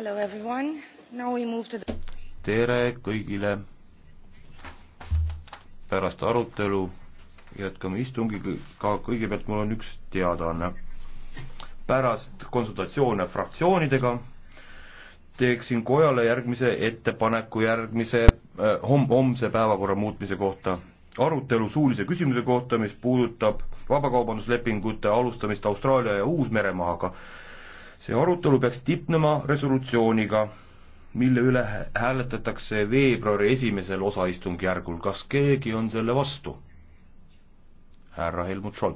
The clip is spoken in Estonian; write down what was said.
The... tere kõigile. pärast arutelu jätkame istungiga, kõigepealt mul on üks teadaanne. pärast konsultatsioone fraktsioonidega teeksin kojale järgmise ettepaneku järgmise äh, hom-, homse päevakorra muutmise kohta. arutelu suulise küsimuse kohta, mis puudutab vabakaubanduslepingute alustamist Austraalia ja Uus-Meremaaga see arutelu peaks tipnema resolutsiooniga, mille üle hääletatakse veebruari esimesel osaistungjärgul, kas keegi on selle vastu? härra Helmut Scholz.